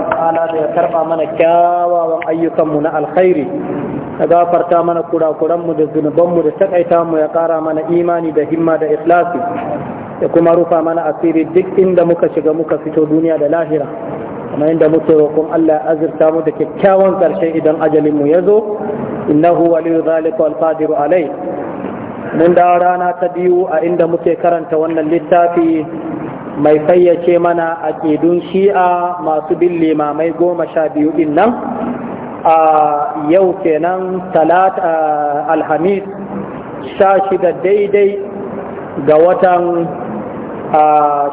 ta'ala da ya karba mana kyawawan ayyukanmu na alkhairi ya gafarta mana kurakuranmu da zunubanmu da takaita mu ya kara mana imani da himma da ikhlasi ya kuma rufa mana asiri duk inda muka shiga muka fito duniya da lahira kuma inda muke roƙon Allah ya azurta mu da kyakkyawan ƙarshe idan ajalinmu ya zo innahu waliyu zalika wal qadiru alai mun da rana ta biyu a inda muke karanta wannan littafi mai fayyace mana a shi'a masu bin limamai goma sha biyu din nan a yau kenan talata alhamis sha shida daidai ga watan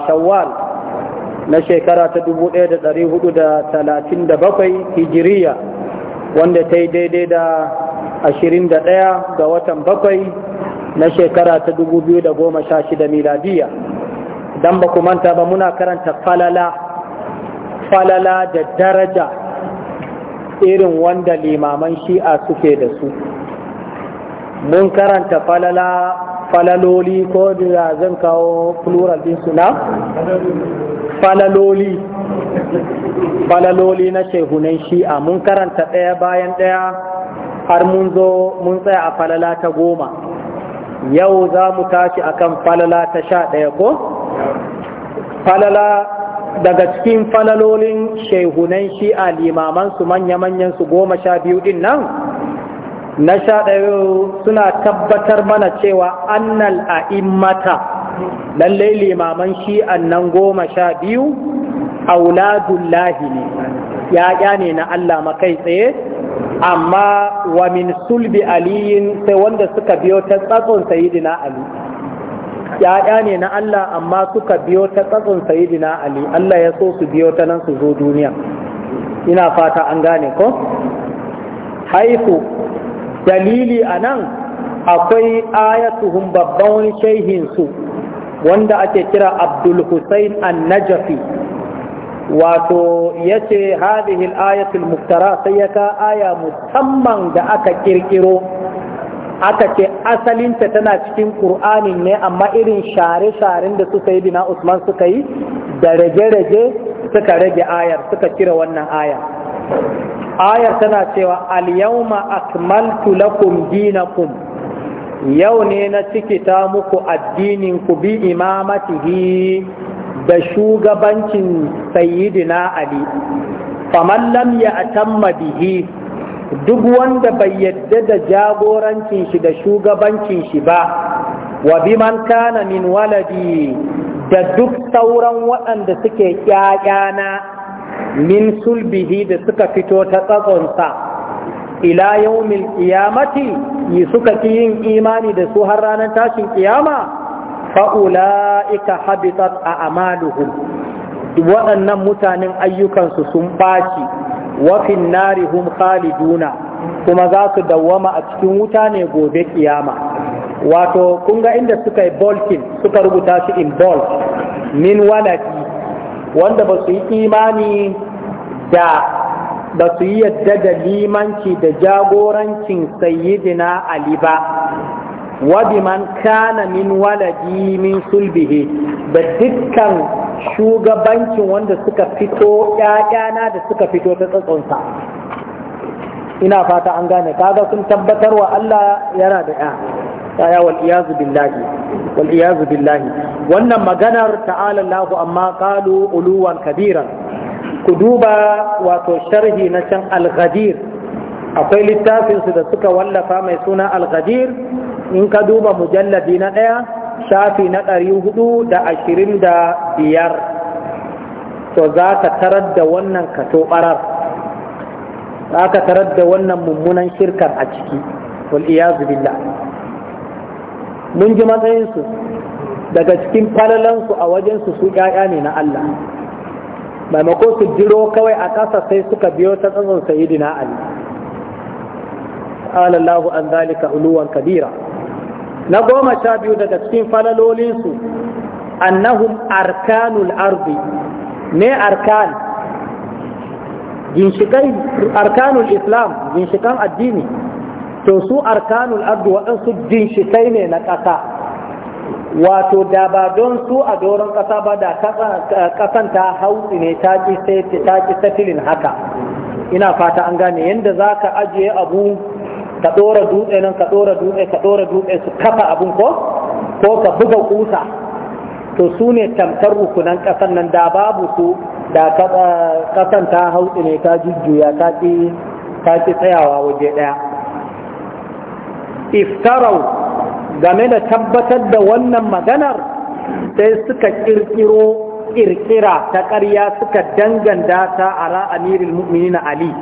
shawwal na shekara ta 1437 hijiriya wanda ta yi daidai da 21 ga watan bakwai na shekara ta 2016 miladiya dan ba ku manta ba muna karanta falala falala da daraja irin wanda limaman shi'a suke da su mun karanta falala falaloli ko da zan kawo plural din suna falaloli falaloli na shehunan shi'a mun karanta ɗaya bayan ɗaya har mun zo mun tsaya a falala ta goma yau za mu tashi akan falala ta sha ɗaya ko? falala daga cikin falalolin shehunan shi shi'a limamansu manya-manyan su goma sha biyu din nan na sha ɗaya suna tabbatar mana cewa annal a a'immata lallai limaman a nan goma sha biyu auladullahi ne ya'ya ne na Allah makai tsaye amma wa min sulbi aliyin sai wanda suka biyo ta tsatson sayidina ali ya'ya ne na Allah amma suka biyo ta tsatsun sayidina Ali Allah ya so su biyo ta nan su zo duniya ina fata an gane ko haifu dalili anan nan akwai ayatuhum babban shaihin su wanda ake kira abdul hussein Najafi wato ya ce hadihil ayatul muftara sai ya ka aya musamman da aka kirkiro aka ce asalinta tana cikin ƙur'anin ne amma irin share-sharen da suka yi bina usman suka yi da rage-rage suka rage ayar suka kira wannan ayar ayar tana cewa al-yawma akmaltu lakum dinakum yau ne na ta muku addinin ku bi imamatihi da shugabancin sayyidina ali faman lam ya atamma bihi duk wanda bai yadda da jagorancin shi da shugabancin shi ba wa bi man kana min waladi da duk sauran waɗanda suke ƙyaƙyana min sulbihi da suka fito ta tsatsonsa ila yaumil qiyamati yi suka ki yin imani da su har ranar tashin kiyama. ƙiyama fa'ula'ika habitat a amaluhum waɗannan mutanen ayyukansu sun ɓaci Wafin fin nari hum khaliduna kuma za su dawwama a cikin wuta ne gobe kiyama wato kun ga inda suka yi bolkin suka rubuta shi in bol. min waladi wanda ba su yi imani da ba su yi yadda da limanci da jagorancin sayyidina ali ba wa biman kana min waladi min sulbihi da dukkan shugabancin wanda suka fito ‘ya'yana da suka fito ta tsatsonsa ina fata an gane kaga sun tabbatar wa Allah yana da ‘ya ya wal'iyazu billahi wal'iyazu billahi wannan maganar ta'ala amma kalu uluwan kabiran ku duba wato sharhi na can al-ghadir akwai littafinsu da suka wallafa mai suna al-ghadir in ka duba mujalladi na ɗaya shafi na ɗari hudu da ashirin da biyar to za ka tarar da wannan kato ɓarar za ka tarar da wannan mummunan shirkar a ciki wal'iyazu billah mun ji matsayinsu daga cikin falalansu a wajensu su ‘ya'ya ne na Allah maimako su jiro kawai a ƙasa sai suka biyo ta tsazon sayidina Ali. Allah an zalika uluwan kabira. na goma sha biyu daga cikin falalolinsu annahum arkanul ardi ne arkan arkanul islam ginshikan addini to su arkanul ardi waɗansu ginshikai ne na ƙasa wato da ba don su a doron ƙasa ba da ƙasan ta hausi ne ta ƙi satilin haka ina fata an gane yadda za ka ajiye abu ka ɗora dutse nan ka ɗora dutse ka ɗora dutse su kafa abin ko ko ka buga kusa to su ne tamkar rukunan ƙasan nan da babu su da eh, ƙasan ta hautsi ne ta jujjuya ta ƙi ta ƙi tsayawa waje ɗaya iftarau game da tabbatar da wannan maganar sai suka ƙirƙiro ƙirƙira ta ƙarya suka danganta ta ala amirul mu'minin ali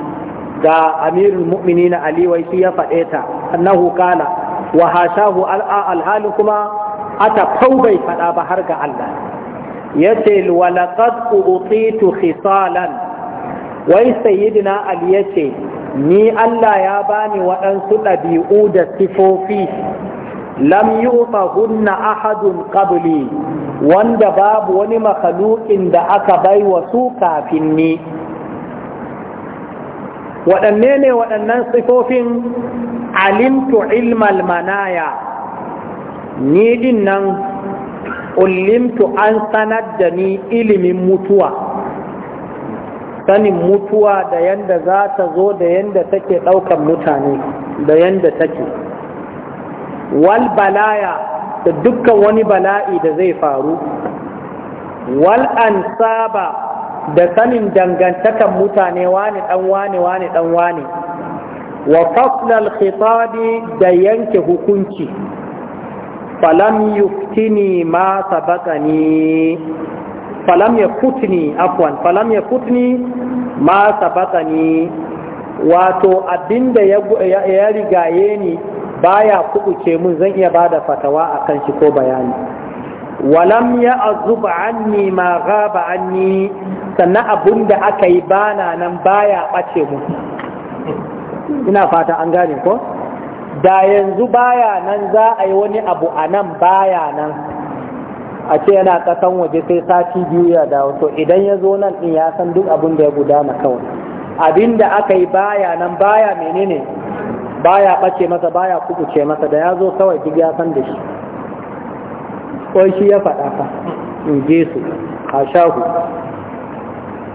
Da amirul mu'minin ali wai shi ya faɗe ta annahu kana wa hashahu alhalu kuma ata fau bai faɗa ba har ga Allah yace wa laqad utitu khisalan wai sayyidina ali yace ni Allah ya bani waɗansu ɗabi'u da sifofi lam hunna ahadun qabli wanda babu wani makhluqin da aka bai su kafin ni waɗanne ne waɗannan sifofin alimtu ilmal manaya ni din nan ulimtu an sanar da ni ilimin mutuwa sanin mutuwa da yanda za ta zo da yanda take ɗaukan mutane da yanda take wal balaya da dukkan wani bala'i da zai faru wal 'an saba. da sanin dangantakan mutane wani dan wani wani dan wani wa faslal khitabi da yanke hukunci falam yuftini ma sabaqani falam yakutni afwan falam yakutni ma sabaqani wato abinda ya rigaye ni baya kubuce mun zan iya bada fatawa akan shi ko bayani walam ya azuba anni ma gaba anni sannan abun da aka yi na nan baya ɓace mu ina fata an gane ko da yanzu baya nan za a yi wani abu a nan baya nan a ce yana ƙasan waje sai sati biyu ya dawo to idan ya zo nan in ya san duk abin da ya gudana kawai abin da aka yi baya nan baya menene baya ɓace masa baya kubuce masa da ya zo kawai duk ya san da shi kawai shi ya faɗa ka in je su a shahu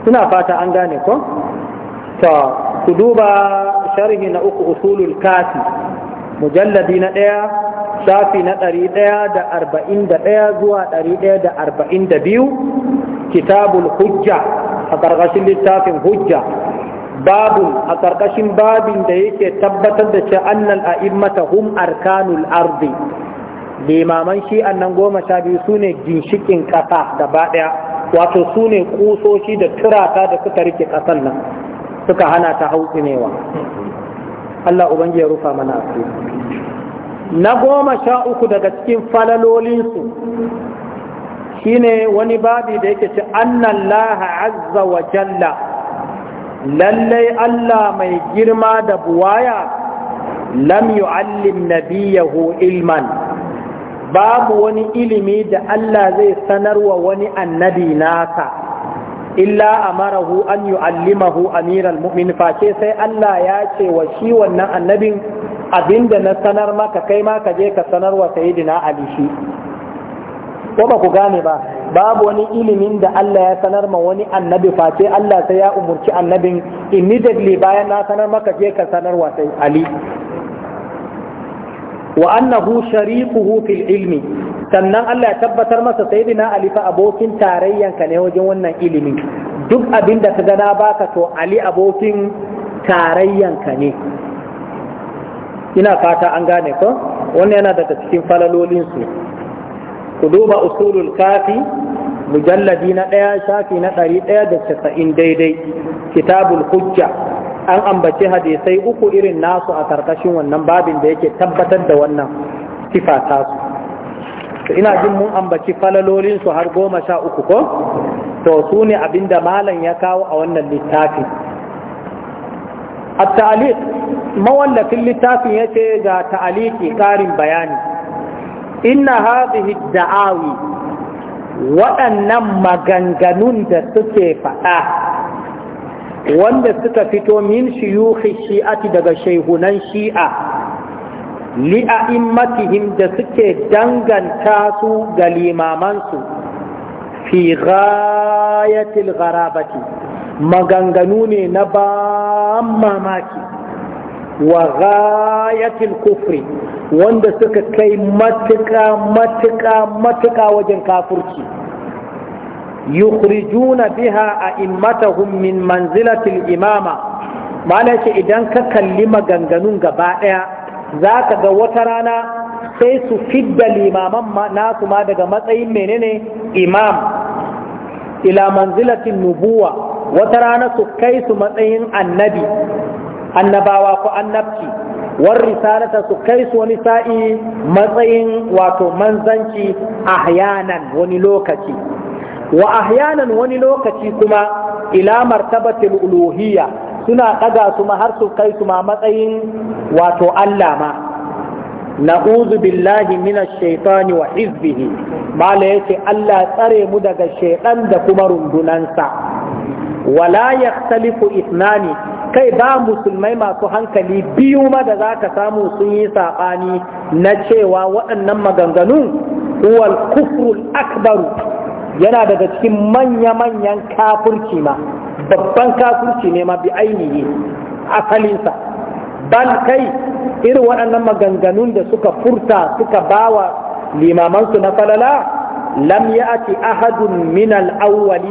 suna fata an gane ko ta ku duba sharhi na uku usulul kafi mujalladi na ɗaya shafi na ɗari ɗaya da arba'in da ɗaya zuwa ɗari ɗaya da arba'in da biyu kitabul hujja a ƙarƙashin littafin hujja babu a ƙarƙashin babin da yake tabbatar da ce annal a'immata hum arkanul ardi limaman shi nan goma sha biyu su ne ginshikin ƙasa gaba ɗaya wato su ne ƙusoshi da turata da suka rike ƙasan nan suka hana ta tsinewa Allah ubangi ya rufa mana su na goma sha uku daga cikin falalolinsu ne wani babi da yake ci, annan laha azza wa jalla lallai Allah mai girma da buwaya lam yu'allim nabiyahu ilman babu wani ilimi da Allah zai sanarwa wani annabi nasa illa amarahu an yu'allimahu amiral mu'min face sai Allah ya ce wa shi wannan annabin abinda na sanar maka kai ma ka je ka sanarwa sayyidina Ali shi ko ba ku gane ba babu wani ilimin da Allah ya sanar ma wani annabi face Allah sai ya umurci annabin immediately bayan na sanar maka je ka sanarwa sai Ali wa annahu shariquhu fil ilmi sannan Allah ya tabbatar masa sayyidina Ali fa abokin tarayyanka ne wajen wannan ilimi, duk abinda da ka gana baka to Ali abokin tarayyan ka ne ina fata an gane ko wannan yana daga cikin falalolin su ku duba usulul kafi mujalladi na ɗaya shafi na ɗari ɗaya da casa'in daidai kitabul hujja an ambace hadisai uku irin nasu a karkashin wannan babin da yake tabbatar da wannan sifa tasu to ina jin mun ambaci falalolin su har goma sha uku ko to su ne abinda malam ya kawo a wannan littafin ya ce ga ta'aliki تعليق bayani. بياني إن da'awi waɗannan maganganun da suke faɗa. wanda suka fito min shiyuhi shi'ati daga shaihunan shi'a li'a'immatihim da suke danganta su ga limamansu fi ghayatil gharabati maganganu ne na ban mamaki wa ghayatil kufri wanda suka kai matuƙa matuƙa matuƙa wajen kafurci yukhrijuna biha a'immatahum min manzilatil imama mana ce idan ka kalli maganganun gaba ɗaya zaka ga wata rana sai su fidda limaman nasu ma daga matsayin menene imam ila manzilatin nubuwa wata rana su kai su matsayin annabi annabawa ko annabci war risalata su kai su wani sa'i matsayin wato manzanci ahyanan wani lokaci wa ahyanan wani lokaci kuma ila martabatil uluhiyya suna ɗaga su ma har su kai su ma matsayin wato Allah ma na'udhu billahi minash shaitani wa hizbihi mala yake Allah tsare mu daga shaitan da kuma rundunansa wala yahtalifu ithnani kai ba musulmai masu hankali biyu ma da za ka samu sun yi saɓani na cewa waɗannan maganganun huwal kufrul akbaru yana daga cikin manya-manyan kafurci ma babban kafurci ne ma bi ainihi asalinsa ban kai irin waɗannan maganganun da suka furta suka bawa limamansu na falala lam ya'ti ahadun min al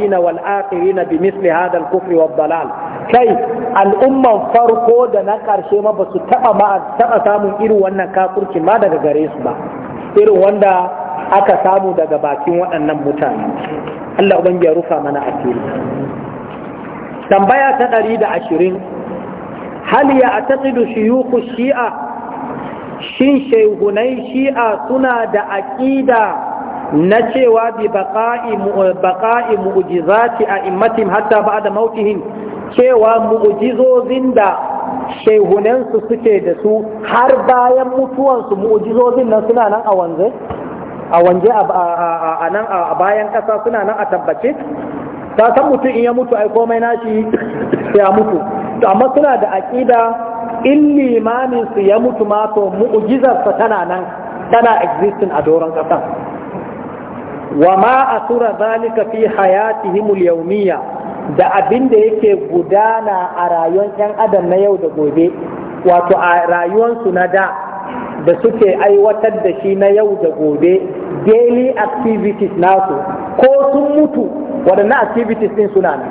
na wal akhirin bi misli hadha al-kufr wa dalal kai al'umman farko da na karshe ma basu taba ma taba samun irin wannan kafurci ma daga gare su ba irin wanda aka samu daga bakin waɗannan mutane Allah ubangi ya rufa mana asiri tambaya ta ɗari da ashirin hal ya ataqidu shuyukhu shi'a shin shehunai shi'a suna da aƙida na cewa bi baqa'i mu'jizati a immatim hatta da mautihim cewa mu'jizozin da shehunansu suke da su har bayan mutuwansu mu'jizozin nan suna nan a wanzu? a wanje a nan a bayan ƙasa suna nan a tabbace ta san mutum in ya mutu ai komai nashi ya mutu to amma suna da aƙida in limamin su ya mutu ma to tana nan tana existing a doron ƙasan wa ma asura zalika fi hayatihim al-yawmiyya da abin da yake gudana a rayuwar 'yan adam na yau da gobe wato a rayuwarsu na da da suke aiwatar da shi na yau da gobe daily activities nasu ko sun mutu waɗannan activities ɗin suna nan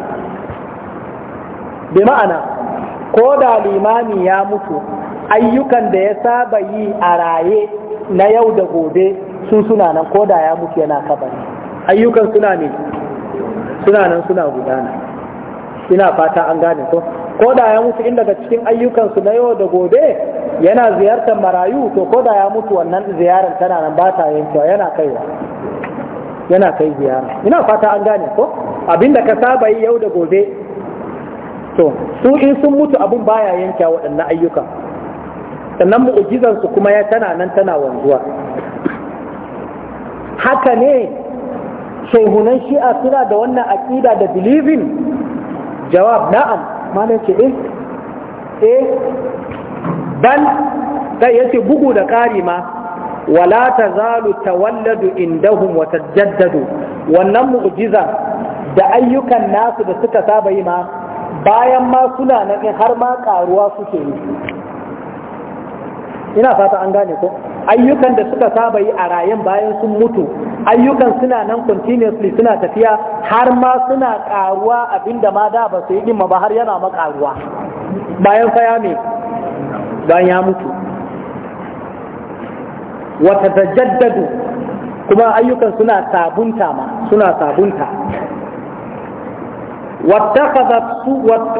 bi ma'ana ko da limami ya mutu ayyukan da ya saba yi a raye na yau da gobe su suna nan ko da ya mutu yana kabari ayyukan suna ne suna nan suna gudana ina fata an gane ko ko da ya mutu inda daga cikin ayyukansu na yau da gobe yana ziyartar marayu to ko da ya mutu wannan ziyarar tana nan ba ta yankewa yana kaiwa yana kai ziyara ina fata an gane ko abinda ka saba yi yau da gobe to su in sun mutu abun baya yankewa waɗannan ayyukan sannan mu'ujizansu kuma ya tana nan tana wanzuwa haka ne shehunan shi'a suna da wannan aƙida da believing jawab na'am mana ce eh eh bal kai yace bugu da ƙari ma wala tazalu tawalladu indahum wa tajaddadu wannan mu'jiza da ayyukan nasu da suka saba yi ma bayan ma suna nan har ma karuwa suke yi ina fata an gane ko ayyukan da suka saba yi a rayen bayan sun mutu ayyukan suna nan continuously suna tafiya har ma suna karuwa abinda ma da ba su yi ba har yana makaruwa bayan faya me bayan ya mutu wata tajaddadu kuma ayyukan suna sabunta ma suna sabunta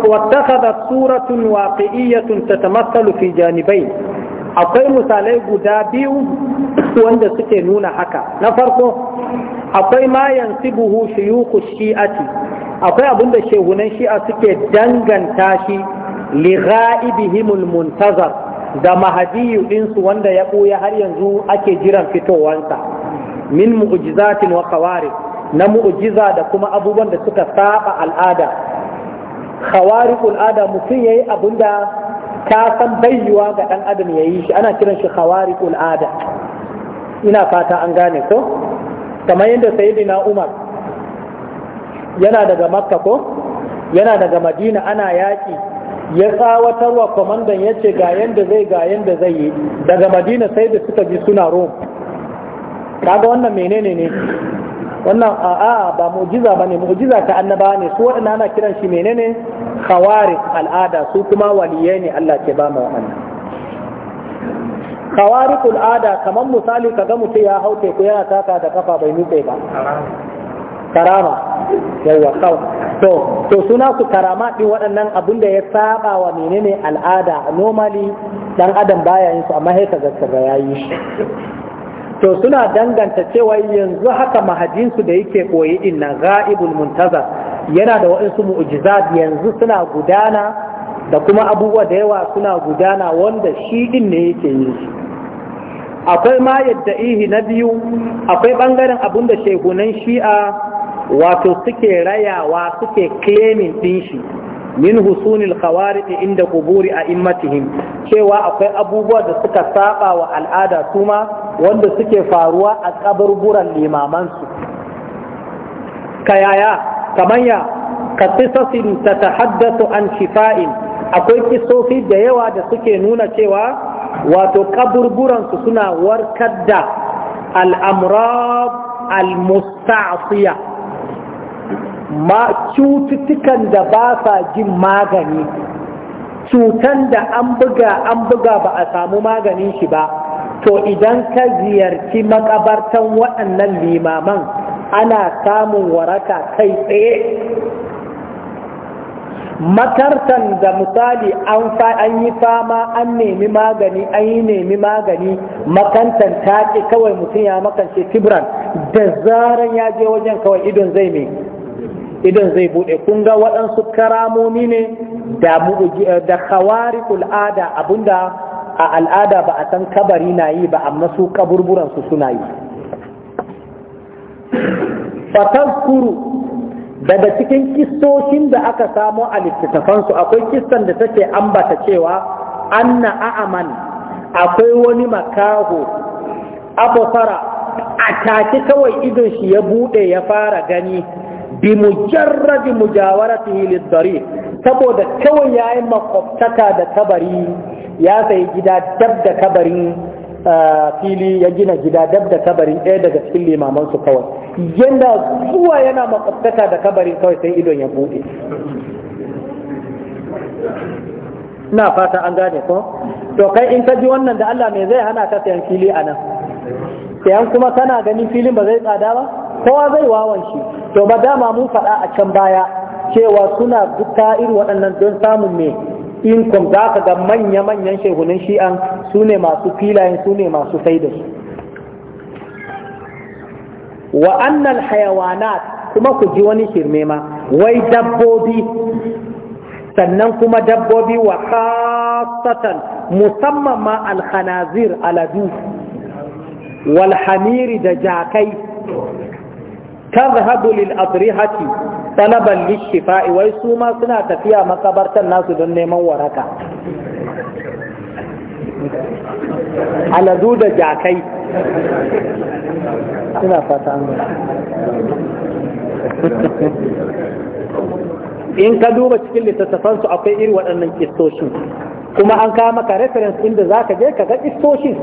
واتخذت سورة واقعية تتمثل في جانبين akwai misalai guda biyu wanda suke nuna haka na farko akwai ma yansibuhu shuyukhu shi'ati akwai abinda shehunan shi'a suke danganta shi li ghaibihimul muntazar da mahadiyu ɗinsu wanda ya ɓuya har yanzu ake jiran fitowansa min mu'jizatin wa qawarib na mu'jiza da kuma abubuwan da suka saba al'ada khawariqul ada mutum yayi abinda ka san bayyuwa ga ɗan adam ya yi shi ana kiran shi khawariqul ada ina fata an gane ko kamar yadda sayyidina Umar yana daga Makka ko yana daga Madina ana yaki ya tsawatarwa kwamandan ya ce ga yanda zai ga yanda zai yi daga Madina sai da suka ji suna rom kaga wannan menene ne wannan a'a ba mu'jiza bane mu'jiza ta annaba ne su waɗanda ana kiran shi menene khawarij al'ada su kuma waliyai ne Allah ke ba mu wannan khawarij al'ada kamar misali kaga mutum ya haute ko yana taka da kafa bai nutse ba karama yawa kaw to to suna su karama din waɗannan abin da ya saba wa menene al'ada normally dan adam baya yin su amma sai kaga kaga yayi to suna danganta cewa yanzu haka mahajinsu da yake koyi inna ga'ibul muntazar yana da waɗansu mu'jizat yanzu suna gudana da kuma abubuwa da yawa suna gudana wanda shi din ne yake yi akwai ma yadda ihi na biyu akwai ɓangaren abun da shehunan shi'a wato suke rayawa suke claiming din shi min husunil khawariq inda quburi a'immatihim cewa akwai abubuwa da suka saba wa al'ada suma wanda suke faruwa a kaburburan limaman su kayaya kamanya ka qisasin tatahaddathu an shifa'in akwai kisofi da yawa da suke nuna cewa wato kaburburan su suna warkar da al'amrad al-musta'siya ma cututtukan da ba sa jin magani cutan da an buga an buga ba a samu maganin shi ba to idan ka ziyarci makabartan waɗannan limaman ana samun waraka kai tsaye makartan da misali an yi fama an nemi magani an yi nemi magani makantan ta kawai mutum ya makance tibran da zaran ya je wajen kawai idon zai mai idan zai bude kun ga waɗansu karamomi ne da khawari al'ada abinda a al'ada ba a san kabari na yi ba amma su su, suna yi fatazkuru daga cikin kistoshin da aka samo a littattafansu akwai kistan da take ambata cewa anna a'aman akwai wani makaho fara a take kawai idon shi ya bude ya fara gani bi mujarradi mujawaratihi lid-dariq saboda kawai yayi makwabtaka da kabari ya sayi gida dab da kabarin fili ya gina gida dab da kabarin ɗaya daga cikin limaman su kawai yanda zuwa yana makwabtaka da kabarin kawai sai idon ya bude na fata an gane ko to kai in ka ji wannan da Allah me zai hana ka sayan fili a nan sayan kuma kana ganin filin ba zai tsada ba kowa zai wawan shi to ba dama mun faɗa a can baya cewa suna duka irin waɗannan don samun me inkom za ka ga manya-manyan shehunan shi'an su ne masu filayen su ne masu sai da wa annal hayawanat kuma ku ji wani shirme ma wai dabbobi sannan kuma dabbobi wa khasatan musamman ma alhanazir aladu walhamiri da jakai tazhabu lil adrihati talaban lishifa'i wai su ma suna tafiya makabartan nasu don neman waraka aladu da jakai suna fata an in ka duba cikin littattafansu akwai iri waɗannan kistoshin kuma an kawo maka reference inda za ka je ka ga kistoshin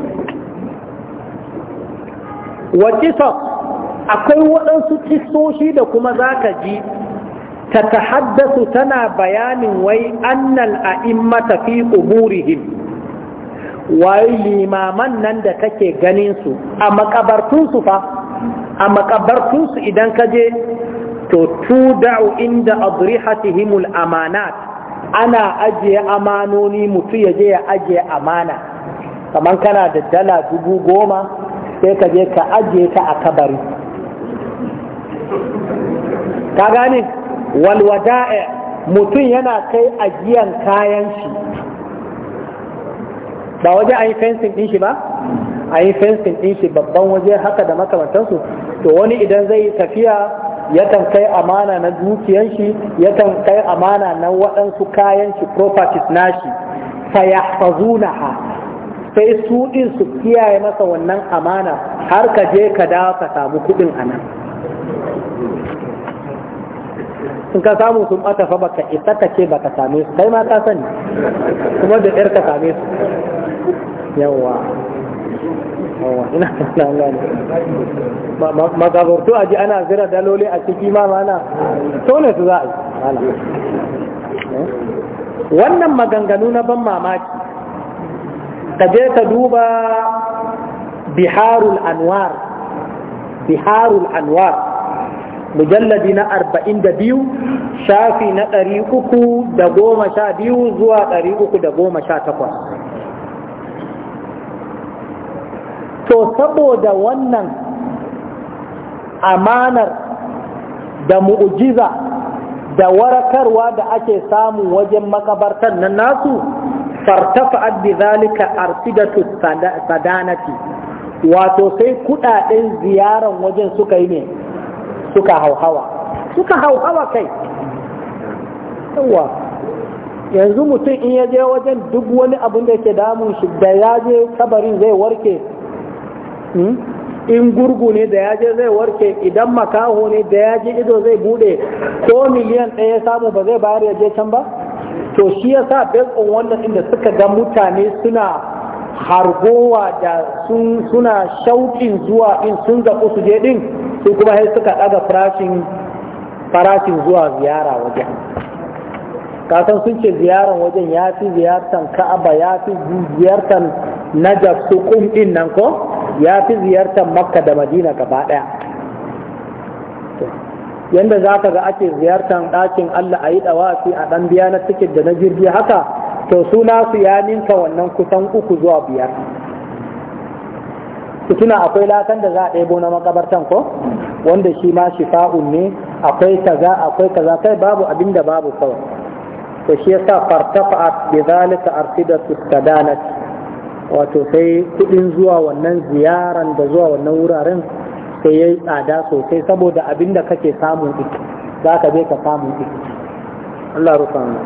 wa kisos akwai waɗansu kisoshi da kuma za ka ji ta tahaddasu tana bayanin wai annal a'immata fi quburihim wai limaman nan da take ganin su a makabartunsu fa a makabartunsu idan ka je to tuda'u inda adrihatihimul amanat ana ajiye amanoni mutu ya je ya ajiye amana kamar kana da dala dubu goma sai ka je ka ajiye ta a kabari ka gane walwada'a mutum yana kai ajiyan kayan shi ba waje a yi fensin shi ba a yi fensin shi babban waje haka da makamantansu to wani idan zai yi tafiya yakan kai amana na dukiyan shi yakan kai amana na waɗansu kayan shi properties nashi ha sai su ɗin su kiyaye masa wannan amana har ka je ka dawo ka samu kuɗin a nan in ka samu sun bata fa baka ita ka ce baka same su kai ma ka sani kuma da ɗar ka same su yawa yawa ina na gane magabartu aji ana zira daloli a ciki ma mana ne su za a yi wannan maganganu na ban mamaki ka je ka duba biharul anwar biharul anwar mujalladi na arba'in da biyu shafi na ɗari uku da goma sha biyu zuwa ɗari uku da goma sha takwas to saboda wannan amanar da mu'ujiza da warakarwa da ake samu wajen makabartar na nasu fartafa bi zalika arsidatu sadanati wato sai kuɗaɗen ziyaran wajen suka yi ne suka hauhawa suka hauhawa kai yawa yanzu mutum in ya je wajen duk wani abin da ke damun shi da ya je kabarin zai warke hmm? in gurgu ne da ya je zai warke idan makaho ne da ya je ido zai bude ko miliyan ɗaya samu ba zai bayar ya je can ba to shi ya sa on wannan inda suka ga mutane suna hargowa da suna shauƙin zuwa in sun ga su je din su kuma sai suka ɗaga farashin farashin zuwa ziyara wajen kasan sun ce ziyaran wajen ya fi ziyartan ka'aba ya fi ziyartan najaf su kum din nan ko ya fi ziyartan makka da madina gaba ɗaya yanda za ka ga ake ziyartan ɗakin allah a yi ɗawafi a ɗan biya na tiket da na jirgi haka to suna su ya ninka wannan kusan uku zuwa biyar tuna akwai latan da za a ɗebo na makabartan ko wanda shi ma shifa'un ne akwai kaza akwai kaza kai babu abin da babu kawai ta shi yasa fartafa'at bi zalika arsidatu sadalat wato sai kudin zuwa wannan ziyaran da zuwa wannan wuraren sai ya yi tsada sosai saboda abin da kake samun ɗin za ka je ka samun ɗin Allah rufa mu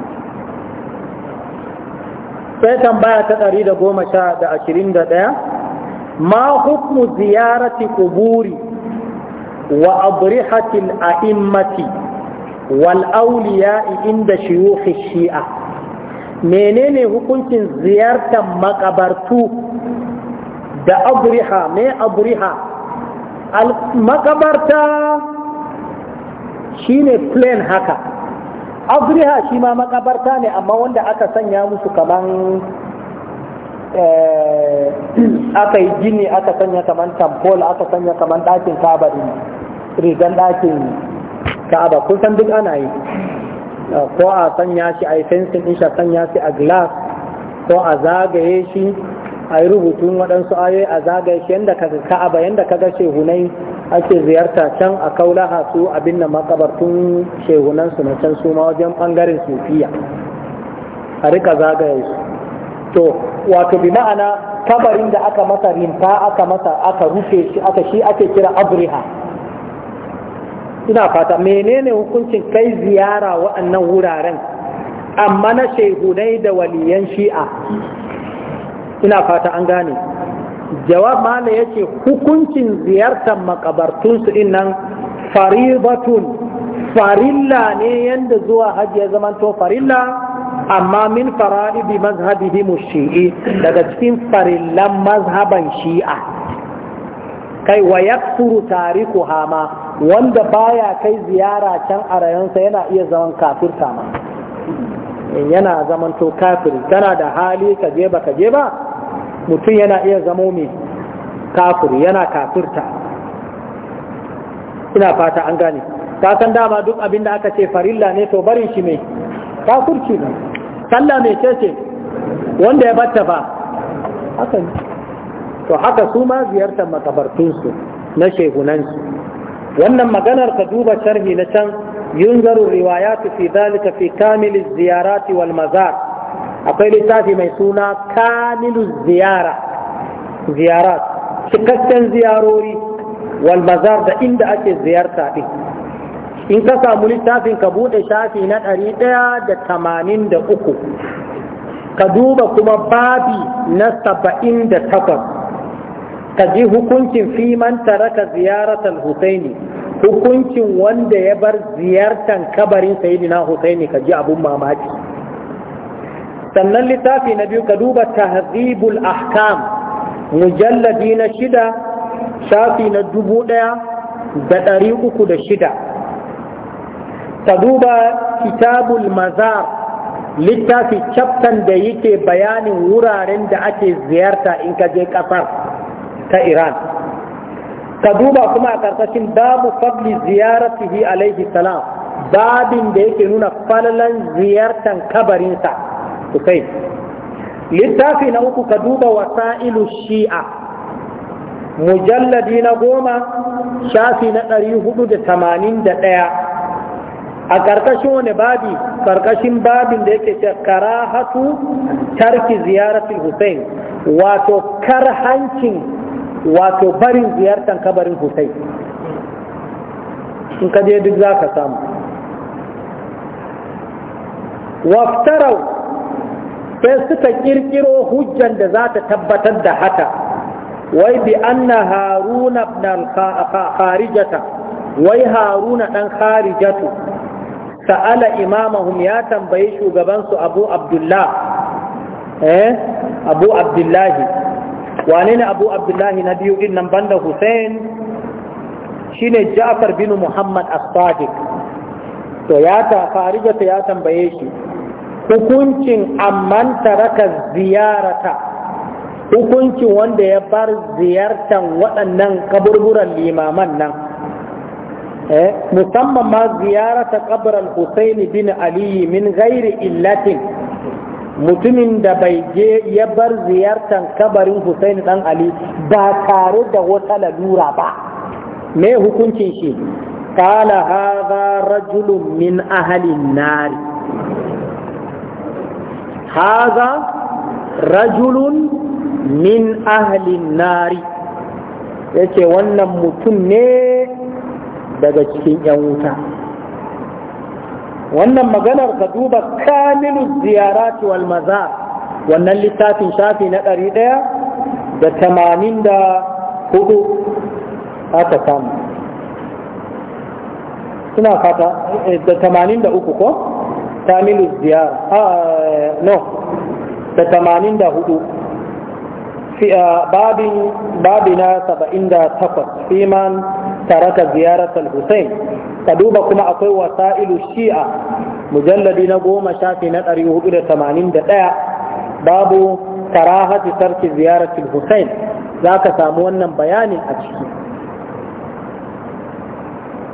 sai tambaya ta ɗari da goma sha da ashirin da ɗaya ma hukmu ziyarati kuburi wa abrihatil a'immati wal auliya'i inda shuyukhi shi'a menene hukuncin ziyartar makabartu da abriha me abriha makabarta shine plain haka abriha shi ma makabarta ne amma wanda aka sanya musu kaman Eh, aka yi gini aka sanya kamar tampol aka sanya kamar ɗakin kaba din rigan ɗakin kaba kusan duk ana yi eh, ko a sanya shi a yi fensin ɗin shi a sanya shi a glass ko a zagaye shi a yi rubutun waɗansu ayoyi a zagaye shi yadda ka kaba yadda ka ga shehunai ake ziyarta can a kaula su abin da makabartun shehunansu na can su ma wajen ɓangaren sufiya a rika zagaye su to wato bi ma'ana kabarin da aka masa rinta aka masa aka rufe shi aka shi ake kira abriha ina fata menene hukuncin kai ziyara waɗannan wuraren amma na shehunai da waliyan shi'a ina fata an gane jawab mala ya ce hukuncin ziyartar makabartunsu din nan faribatun farilla ne yadda zuwa hajji ya zamanto farilla amma min fara'idi mazhabihim shi'i daga cikin farillan mazhaban shi'a kai wa yakfuru tariku hama wanda baya kai ziyara can a rayansa yana iya zaman kafirta ma yana zaman to kafiri tana da hali ka je ba ka je ba mutum yana iya zamo mai kafiri yana kafirta ina fata an gane ka san dama duk abin da aka ce farilla ne to barin shi mai kafirci ne sallah mai ce wanda ya batta ba haka ne to haka su ma ziyartar makabartunsu na shehunansu wannan maganar ka duba sharhi na can yunzaru riwayatu fi dhalika fi ziyarati wal mazar akwai littafi mai suna kamilu ziyara ziyarat cikakken ziyarori wal mazar da inda ake ziyarta din in ka samu littafin ka bude shafi na ɗari ɗaya da tamanin da uku ka duba kuma babi na saba'in da takwas ka ji hukuncin fiman taraka ziyaratar husaini hukuncin wanda ya bar ziyartar kabarin sayidina husaini ka ji abun mamaki sannan littafi na biyu ka duba tahzibul ahkam mujalladi na shida shafi na dubu ɗaya da ɗari uku da shida ka duba kitabul mazar littafi captan da yake bayanin wuraren da ake ziyarta in ka je kasar ta iran ka duba kuma a karkashin babu fadli ziyaratihi alaihi salam babin da yake nuna falalan ziyartan kabarinsa sosai littafi na uku ka duba wasa'ilu shi'a mujalladi na goma shafi na ɗari hudu da tamanin da ɗaya a ƙarƙashin wani babi ƙarƙashin babin da yake hatu, tarki ziyaratul Hussein wato karhancin wato barin ziyartar kabarin Hussein in kaje duk za ka samu waftarau sai suka kirkiro hujjan da za ta tabbatar da haka wai bi anna haruna ibn al-kharijata wai haruna dan kharijatu sa'ala imamahum ya tambayi shugabansu abu abu abdullahi wane ne abu abdullahi na biyu din nan banda hussein shine ja'far bin muhammad as-sadiq to ya ta tambaye shi hukuncin amanta raka ziyarata hukuncin wanda ya bar ziyartar waɗannan kaburburan limaman nan Eh, musamman ma ziyarata kabarin Hussein bin Ali min gairi illatin mutumin da bai je ya bar ziyartar kabarin Hussein dan Ali ba tare da wata lalura ba me hukuncin shi Kala haza rajulun min ahli nari rajulun min nari yace wannan mutum ne daga cikin 'yan wuta wannan maganar ka duba kamilu ziyarati wal maza wannan littafin shafi na ɗari ɗaya da tamanin da hudu aka samu suna fata eh, da tamanin da uku ko kamilu ziyara ah, eh, no da tamanin da hudu babin ah, babina saba'in da takwas iman. taraka ziyarat al-Husayn ka duba kuma akwai wasailu shi'a mujalladi na goma shafi na ɗari hudu da tamanin da ɗaya babu karahati sarki ziyarat al za ka samu wannan bayanin a ciki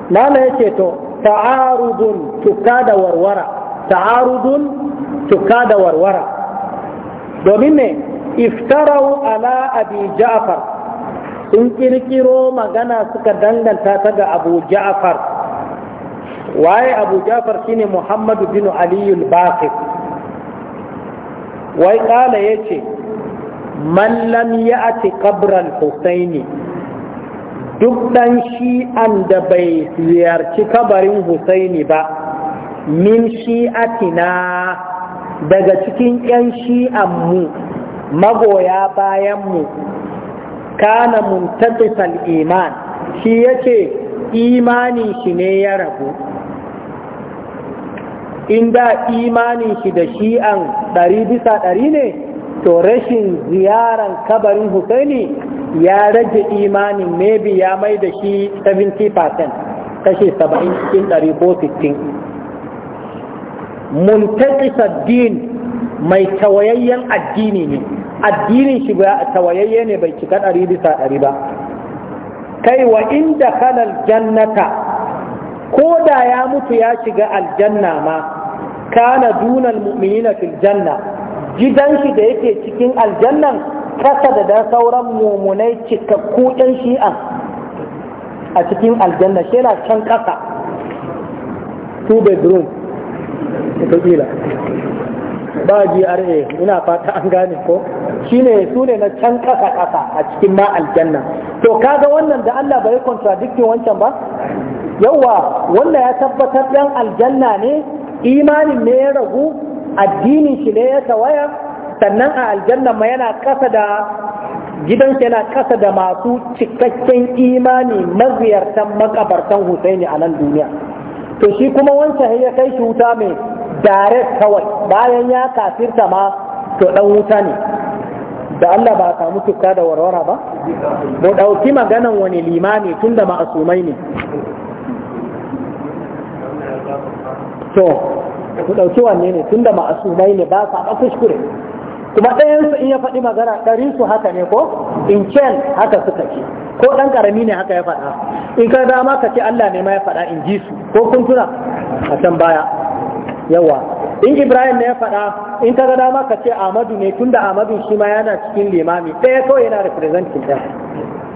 Lala yace to ta'arudun tukka da warwara ta'arudun tukka da warwara domin ne iftarau ala abi ja'far sun kirkiro magana suka danganta ta ga abu ja'far waye abu ja'far shine muhammadu bin aliyul baqir wai kala yace man lam ya'ti qabran husaini duk dan shi'an da bai ziyarci kabarin husaini ba min atina daga cikin 'yan shi'an mu magoya bayan mu kana muntabisal iman shi yace imani shi ne ya rabu inda imani shi da shi'an ɗari bisa ɗari ne to rashin ziyaran kabarin husaini ya rage imanin maybe ya mai da shi 70% kashi 70 cikin ɗari ko 60 muntaƙisar din mai tawayayyen addini ne addinin shi ba tawayayye ne bai cika ɗari bisa ɗari ba kai wa inda kalal jannata ko da ya mutu ya shiga aljanna ma kana dunal mu'minina fil janna gidan shi da yake cikin aljannan kasa da dan sauran mumunai cikakku ɗan shi'a a cikin aljanna shi yana can kasa two bedroom ba GRA ina fata an gane ko Shi ne, su ne na can kasa kasa a cikin ma aljanna to kaga wannan da Allah bai contradicting wancan ba yawa wannan ya tabbatar dan aljanna ne imanin ne ya ragu addinin shi ne ya tawaya sannan a aljanna ma yana kasa da gidansa yana kasa da masu cikakken imani maziyartan makabartan Husaini a nan duniya to shi kuma wancan ya kai shi wuta mai direct kawai bayan ya kafirta ma to dan wuta ne da Allah ba ka mutu ka da warwara ba mu dauki maganan wani limami tunda ma'asumai ne to ku dauki wanne ne tunda ma'asumai ne ba sa ka kuskure kuma ɗayan su in ya faɗi magana ɗari su haka ne ko in cen haka suka ce ko ɗan ƙarami ne haka ya faɗa in ka dama ka ce Allah ne ma ya faɗa in ji su ko kun tuna a can baya yawa in ibrahim ne ya faɗa in ka ga dama ka ce amadu ne tunda amadu shi ma yana cikin limami ɗaya kawai yana representing ɗaya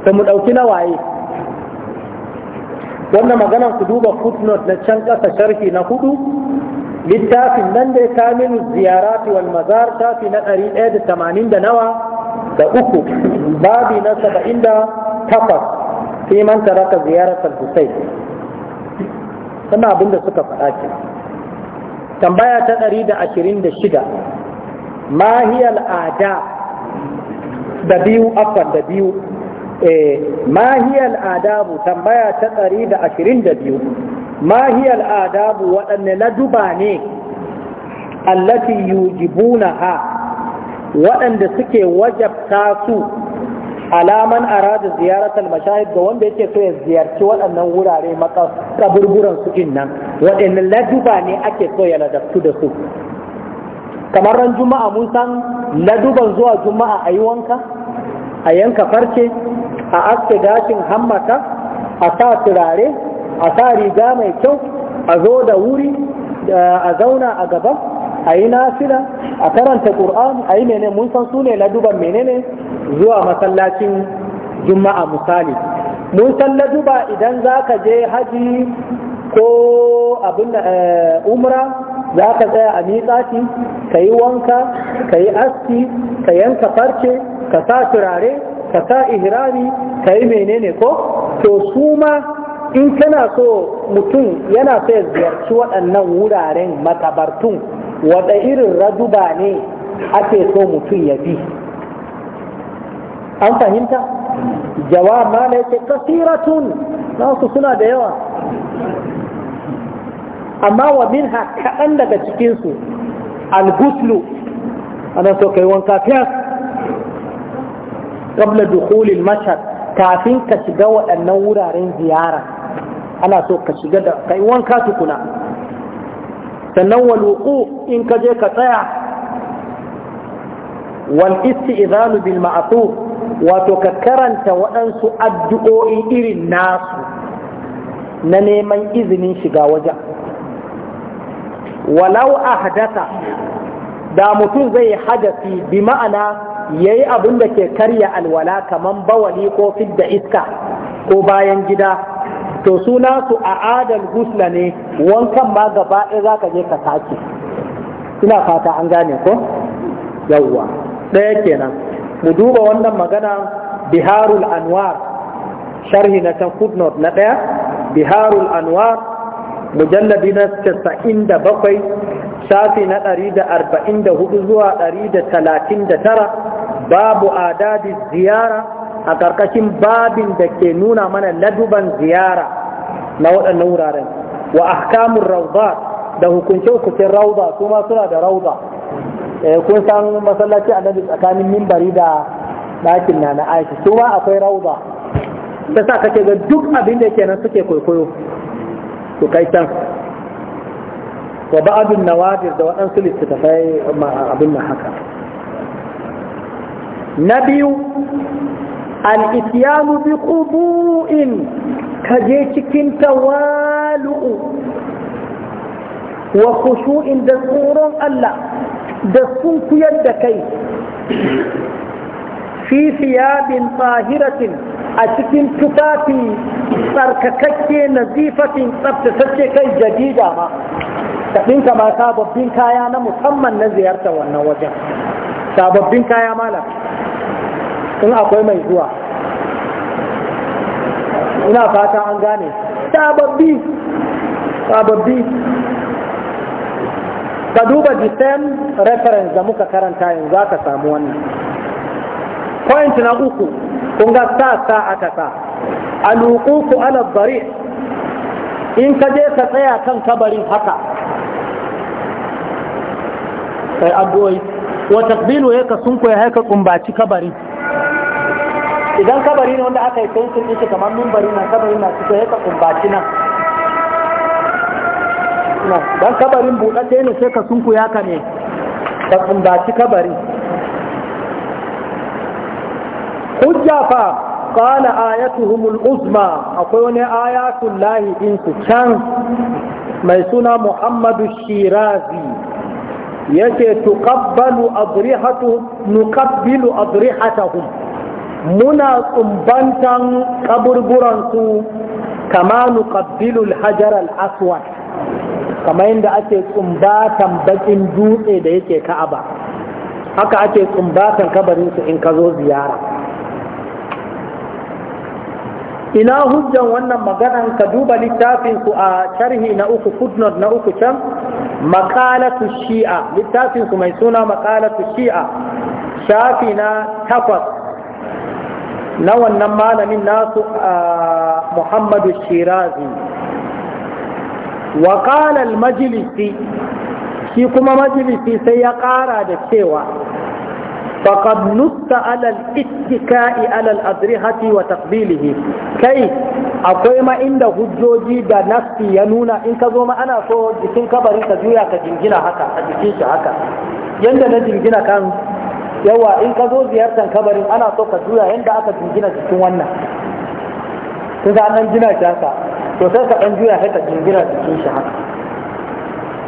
to mu ɗauki na waye wannan maganan ku duba footnote na can ƙasa sharhi na hudu littafin nan dai kamilu ziyarati wal mazar tafi na ɗari ɗaya da tamanin da nawa da uku babi na saba'in da takwas fi man taraka ziyarar al-husayn abinda suka faɗa ke tambaya ta 126 ma hiya al'ada da biyu afwan da biyu eh, ma hiya al'adabu tambaya ta 122 ma hiya al'adabu waɗanne na duba ne allati yujibuna ha waɗanda suke wajabta su alaman arada ziyaratar mashahid ga wanda yake so ya ziyarci waɗannan wurare kaburburan su din nan waɗannan laduba ne ake so ya ladabtu da su kamar ran juma'a mun san laduban zuwa juma'a a yi wanka a yanka farce a aske gashin hammata a sa turare a sa riga mai kyau a zo da wuri a zauna a gaban a yi nafila a karanta ƙur'an a yi mene mun san su ne laduban menene zuwa masallacin juma'a misali mun san na duba idan za ka je haji ko abin eh, umra za ka tsaya a miƙati ka yi wanka ka yi aski ka yanka farce ka sa turare ka sa ihrami ka yi menene ko to su ma in kana so mutum yana so ya ziyarci waɗannan wuraren makabartun wata irin raduba ne ake so mutum ya bi an fahimta jawab ma da yake kasiratun nasu suna da yawa amma wa minha kaɗan daga cikinsu al-guslu ana so kai wanka fiyas qabla dukhulil mashar kafin ka shiga waɗannan wuraren ziyara ana so ka shiga da kai wanka tukuna sannan walu'u in ka je ka tsaya wal isti'zanu bil wato ka karanta waɗansu addu'o'i irin nasu na neman izinin shiga wajen walau ahdasa da mutum zai hadasi bi ma'ana yayi abin da ke karya alwala kaman bawali ko fidda iska ko bayan gida to suna su a adal husna ne wankan ma gaba ɗaya za ka je ka sake ina fata an gane ko yawwa ɗaya kenan mu duba wannan magana biharul anwar sharhi na can footnote na ɗaya biharul anwar mujalladi na casa'in da bakwai shafi na ɗari da arba'in da hudu zuwa ɗari da talatin da tara babu adadi ziyara a ƙarƙashin babin da ke nuna mana laduban ziyara na waɗannan wuraren wa ahkamun rauda da hukuncin hukuncin rauda su ma suna da rauda eh, kun san masallaci annabi tsakanin mimbari da ɗakin na na aiki su ma akwai rauda ta sa kake ga duk abin da ke nan suke kwaikwayo su kai can wa ba'adun nawadir da waɗansu littattafai abin nan haka na biyu al'isyanu bi ƙubu'in ka je cikin tawalu'u wa kushu'in da tsoron Allah da sun kuyar da kai fifiya bin tsahiratin a cikin tufafi tsarkakakke nazifatin tsaftatacce kai jadida ma da ɗinka sababbin kaya na musamman na ziyarta wannan wajen sababbin kaya malam in akwai mai zuwa ina fata an gane sababbi sababbi ka duba the same reference da muka karanta yin za ka samu wannan point na uku kun ga sa sa aka sa alukuku ala bari in ka je ka tsaya kan kabarin haka sai wata wa ya ka sun koya haka kumbaci kabarin idan kabari ne wanda aka yi fensin ɗin kamar mimbari na kabari na cikin ya kumbaci nan dan kabarin buɗaɗɗe ne sai ka ya ka ne ka kumbaci kabari hujja fa qala ayatuhumul uzma akwai wani ayatul lahi din su can mai suna muhammadu shirazi yake tuqabbalu adrihatuhum nuqabbilu adrihatahum muna tsumbantan kaburburansu kama nuqabbilul hajar al-aswad kama yadda ake tsumbatan bakin dutse da yake ka'aba haka ake tsumbatan kabarinsu in ka zo ziyara ina hujjan wannan maganan ka duba littafinsu a sharhi na uku footnote na uku can makalatu shi'a littafinsu mai suna makalatu shi'a shafi na takwas na wannan malamin nasu a muhammadu shirazi wa majalisi shi kuma majalisi sai ya ƙara da cewa faƙad nusta alal ittika'i alal adrihati wa taqbilihi kai akwai ma inda hujjoji da nafsi ya nuna in ka zo ma ana so jikin kabarin ka juya ka jingina haka a jikin shi haka yadda na jingina kan yawa in ka zo ziyartar kabarin ana so ka juya yadda aka jingina cikin wannan sun ga nan gina shi haka to sai ka ɗan juya haka jingina cikin shi haka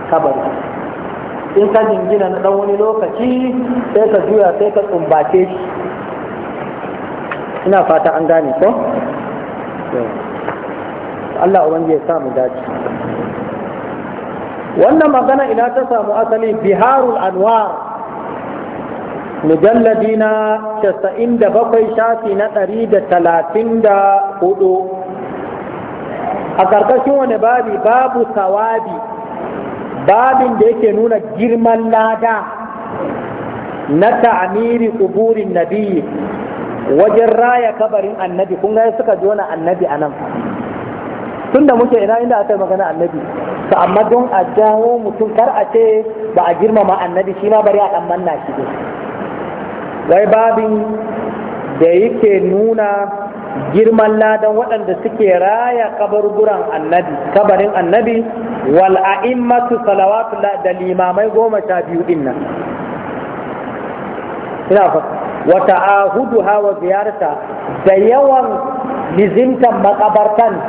kabari in ka jingina na ɗan wani lokaci sai ka juya sai ka tsumbace shi ina fata an gane ko Allah ubangi ya samu dace wannan magana ina ta samu asali biharul anwar mujalladi na bakwai shafi na ɗari da da talatin hudu. a ƙarƙashin wani babi babu sawabi babin da yake nuna girman lada na ta'amiri kuburin nabi wajen raya kabarin annabi kun gaya suka jona annabi a nan tun da muke ina inda aka yi magana annabi to amma don a jawo mutum kar a ce ba a girmama annabi shi ma bari a ɗan manna shi dai wai babin da yake nuna girman ladan waɗanda suke raya kabarguran annabi kabarin annabi wal a'immatu salawatu da limamai goma sha biyu din nan ina fa wa ziyarta da yawan lizimtan makabartan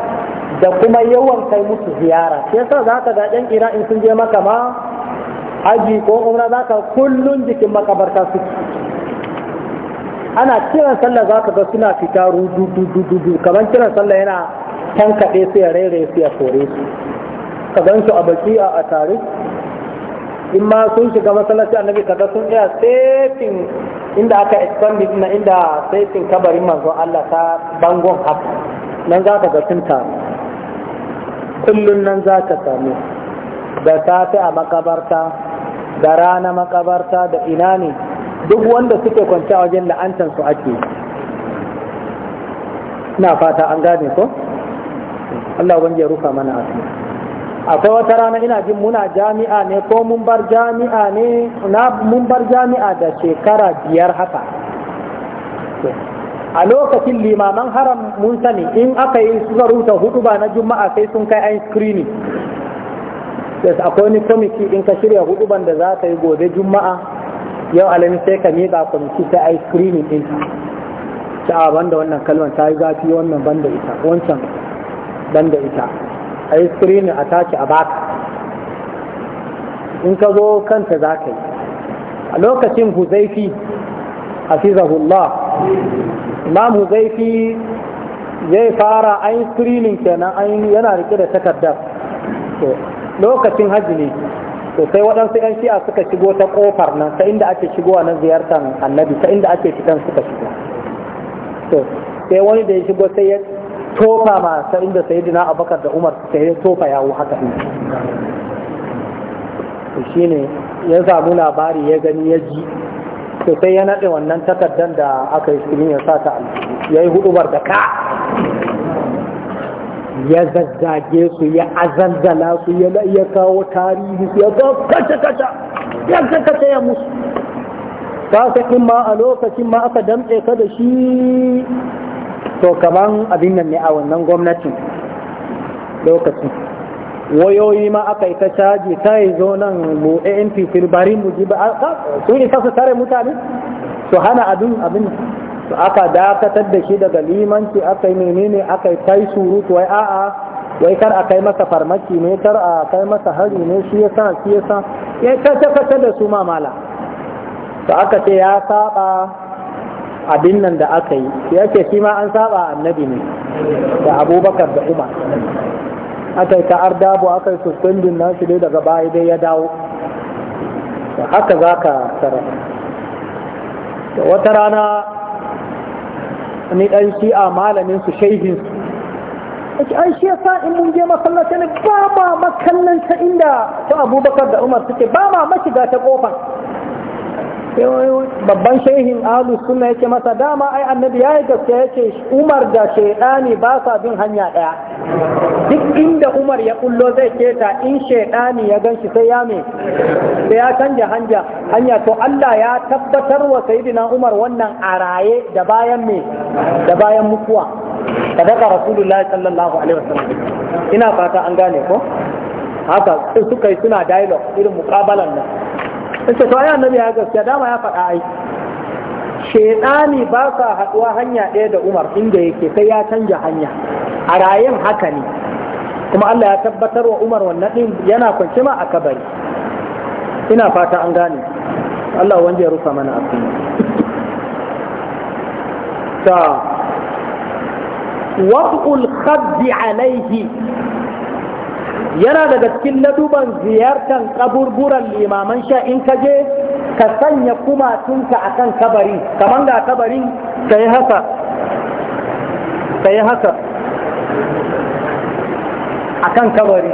da kuma yawan kai musu ziyara sai yasa zaka ga ɗan in sun je maka ma aji ko umra zaka kullun jikin makabarta suke ana kiran sallah za ka ga suna fita rudu dudu kaman kiran sallah yana tankaɗe sai ya rere su ya kore su ka gan su a baki a tare in ma sun shiga masallaci annabi ga sun iya setin inda aka expanded na inda setin kabarin manzo Allah ta bangon haka nan za ka ga sun taru kullun nan za ka samu da safe a makabarta da rana makabarta da ina ne duk wanda suke kwanciya wajen la'antar su ake na fata an gane ko Allah wani ya rufa mana asu akwai wata rana ina jin muna jami'a ne ko mun bar jami'a ne na mun bar jami'a da shekara biyar haka a lokacin limaman haram mun sani in aka yi suka rubuta hudu ba na juma'a sai sun kai an screening yes akwai wani komiki in ka shirya hudu ban da za ta yi gobe juma'a yau alamin sai ka miƙa kwamiti ta ai screening din ta banda wannan kalmar ta yi zafi wannan banda ita wancan banda ita ice cream a tashi a baka in ka zo kanta za ka yi a lokacin huzaifi a fi hafizahullah imam huzaifi zai fara ice cream screening kenan yana rike da takardar lokacin hajji ne to sai waɗansu 'yan shi'a suka shigo ta ƙofar nan ta inda ake shigowa na ziyartar annabi ta inda ake fitan suka shigo to sai wani da ya shigo sai ya tofa ma ta inda dina Abakar da umar suka ya tofa yawo haka ne to ne ya samu labari ya gani ya ji to sai ya naɗe wannan takardar da aka yi ya sa ta ya yi hudubar da ka ya zazzage su ya azazzala su ya kawo tarihi su ya ga kaca-kaca ya kaca ya musu kasa ma a lokacin ma aka damtse ka da shi to kaman abin nan ne a wannan gwamnatin lokacin wayoyi ma aka yi ta caji ta yi zo nan mu amp filbari mu ji ba a su yi kasa tare mutane su hana abin abin aka dakatar da shi daga limanci aka yi menene aka yi kai surutu wai a'a wai kar a kai masa farmaki ne kar a kai masa hari ne shi ya san shi ya san ya kata da su mamala to aka ce ya saba abin nan da aka yi ya yake shi ma an saba annabi ne da abubakar da umar aka yi ta'ar dabo aka yi suspendin nan shi dai daga baya dai ya dawo haka za ka tara wata rana ni ɗan shi'a malamin su shehin su ai shi yasa in mun je masallaci ne ba ma makallanta inda su abubakar da umar suke ba ma mashiga ta kofar babban shehin alu suna yake masa dama ai annabi ya yi gaske yake umar da shaidani ba sa bin hanya ɗaya duk inda umar ya kullo zai keta in shaidani ya gan shi sai ya me sai ya canja hanya hanya to Allah ya tabbatar wa sayidina umar wannan a raye da bayan me da bayan mutuwa sadaka rasulullahi sallallahu alaihi wasallam ina fata an gane ko haka suka yi suna dialogue irin mukabalan nan ce to ai annabi ya gaskiya dama ya faɗa ai shedani ba sa haɗuwa hanya ɗaya da umar inda yake sai ya canja hanya a rayin haka ne kuma Allah ya tabbatar wa umar wannan ɗin yana kwance ma a kabari ina fata an gane Allah wanda ya rufa mana abin ta wasu khaddi alaihi yana daga cikin laduban ziyartar kaburburan limaman sha in ka je ka sanya kumatunka a kan kabari kamar ga kabarin ka yi haka ka yi haka a kan kabari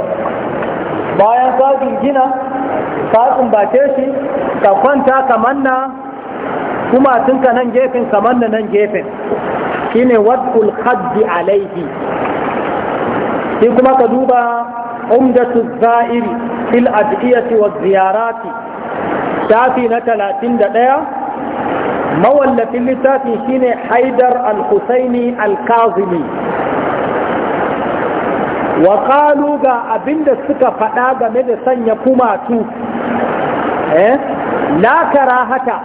bayan fadin gina ka tsumbace shi ka kwanta kamar na kumatunka nan gefen kamar na nan gefen ne wadkul khaddi alaihi shi kuma ka duba عمدة الزائر في الأدعية والزيارات شافي نتلا تندقيا مولى في اللتاتي شيني حيدر الحسيني الكاظمي وقالوا ga abin suka faɗa game da sanya kumatu eh la karahata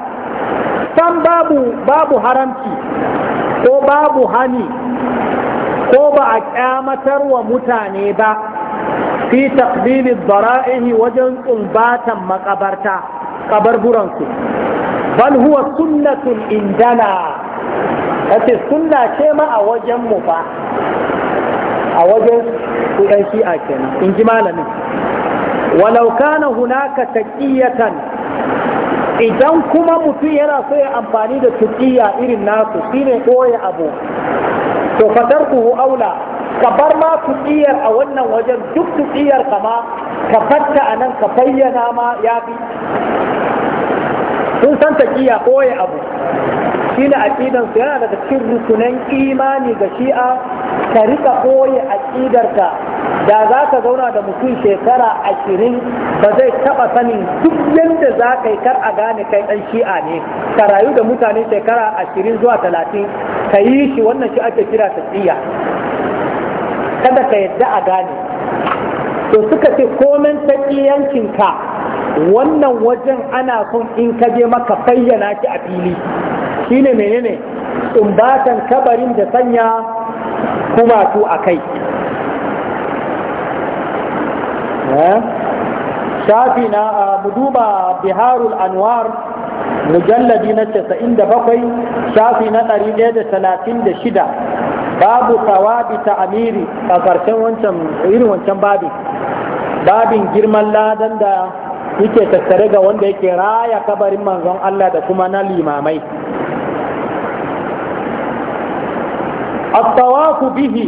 san babu babu haramci ko babu hani ko ba a kyamatar wa mutane ba fi taqbil ad-dara'ihi wajen tsumbatan makabarta kabarburan su bal huwa sunnatun indana yace sunna ce ma a wajen mu fa a wajen ku dan shi'a kenan in ji malamin walau kana hunaka taqiyatan idan kuma mutum yana so ya amfani da tuqiya irin nasu shine koya abu to fatarkuhu aula ka bar ma kuɗiyar a wannan wajen duk kuɗiyar ka ma ka fatta a nan ka bayyana ma ya fi sun san ta kiya ɓoye abu shi ne aƙidansu yana daga cikin rukunan imani ga shi'a ka riƙa ɓoye aƙidarka da za ka zauna da mutum shekara ashirin ba zai taɓa sanin duk yadda za ka yi kar a gane kai ɗan shi'a ne ka rayu da mutane shekara ashirin zuwa talatin ka yi shi wannan shi ake kira taƙiya kada ka yadda a gane to suka ce komen ka wannan wajen ana son in ka je maka fayyana ki a fili shine menene tsumbatan kabarin da sanya su a kai eh? shafi na muduba biharul anwar mujalladi na 97 shafi na 136 babu tawabi ta amiri a karshen wancan irin wancan babin babin girman ladan da yake tattare ga wanda yake raya kabarin manzon Allah da kuma na limamai attawafu bihi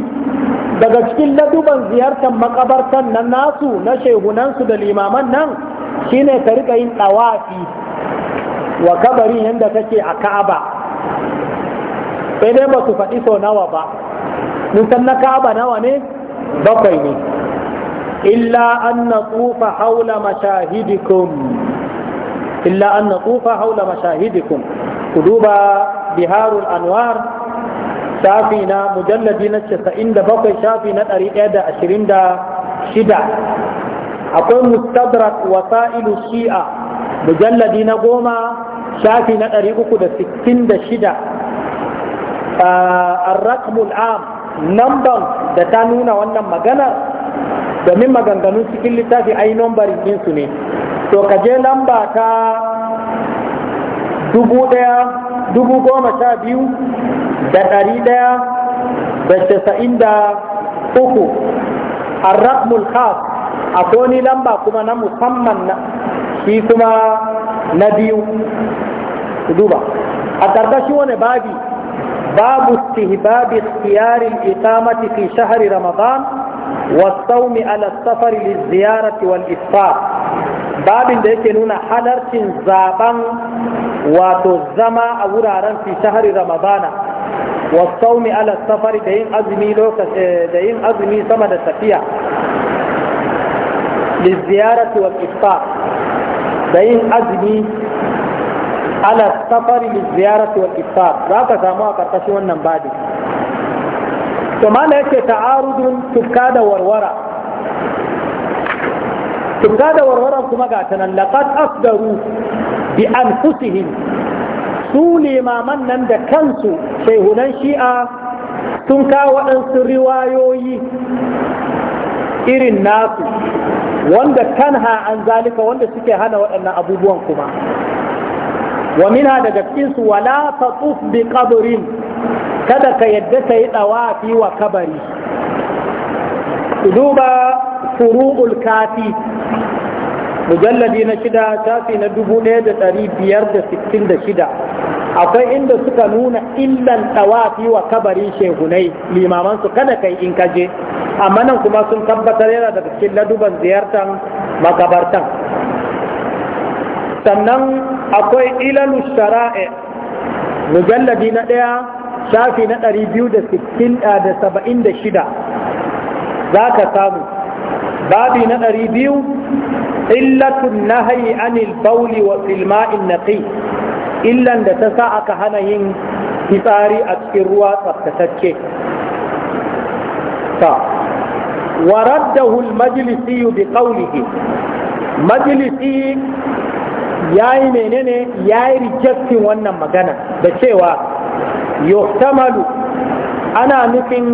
daga cikin laduban ziyartar makabartan nan nasu na shehunansu da limaman nan shine ka rika yin tawafi wa kabarin yanda kake a Ka'aba sai dai ba su faɗi sau nawa ba nisan na ka'aba nawa ne bakwai ne illa an na tsufa haula mashahidikum illa an na tsufa haula mashahidikum ku duba biharul anwar shafi na mujalladi na casa'in da bakwai shafi na ɗari ɗaya da ashirin da shida akwai mustadrak wasa'ilu shi'a mujalladi na goma shafi na ɗari uku da sittin da shida arrakmul am namban da ta nuna wannan maganar domin maganganun cikin littafi ai nambarin ɗinsu ne to ka je lamba ta dubu ɗaya dubu goma sha biyu da ɗari ɗaya da casa'in da uku arrakmul khas a wani lamba kuma na musamman na shi kuma na biyu duba a ƙarƙashin wani babi باب استهباب اختيار الإقامة في شهر رمضان والصوم على السفر للزيارة والإفطار باب ذلك نونا حلر زابا وتزما أورارا في شهر رمضان والصوم على السفر دين أزمي لوك آه، دين أزمي سمد السفية للزيارة والإفطار دين أزمي ala safari li ziyarati wal iftar za ka samu a karkashin wannan babi to mala yake ta'arudun tukka da warwara tukka da warwaran kuma ga tanan laqad asdaru bi anfusihim su limaman nan da kansu shehunan shi'a sun kawo waɗansu riwayoyi irin nasu wanda kanha an zalika wanda suke hana waɗannan abubuwan kuma wa mina daga cikinsu wala ta bi kada ka yadda ta yi ɗawafi wa kabari duba furu'ul kafi mujalladi na shida shafi na dubu ɗaya da biyar da sittin da shida akwai inda suka nuna illan ɗawafi wa kabarin shehunai limamansu kada kai in kaje amma nan kuma sun tabbatar yana daga cikin laduban ziyartar makabartan sannan akwai ilalu shara'i mujalladi na ɗaya shafi na ɗari biyu da sittin eh, da saba'in da shida za ka samu babi na ɗari biyu illatun nahayi anil bauli wa filma'in naqi illan da ta sa aka hana yin fitsari a cikin ruwa tsaftatacce ورده bi بقوله majlisi ya yi menene ya yi rejectin wannan magana da cewa yohtamalu ana nufin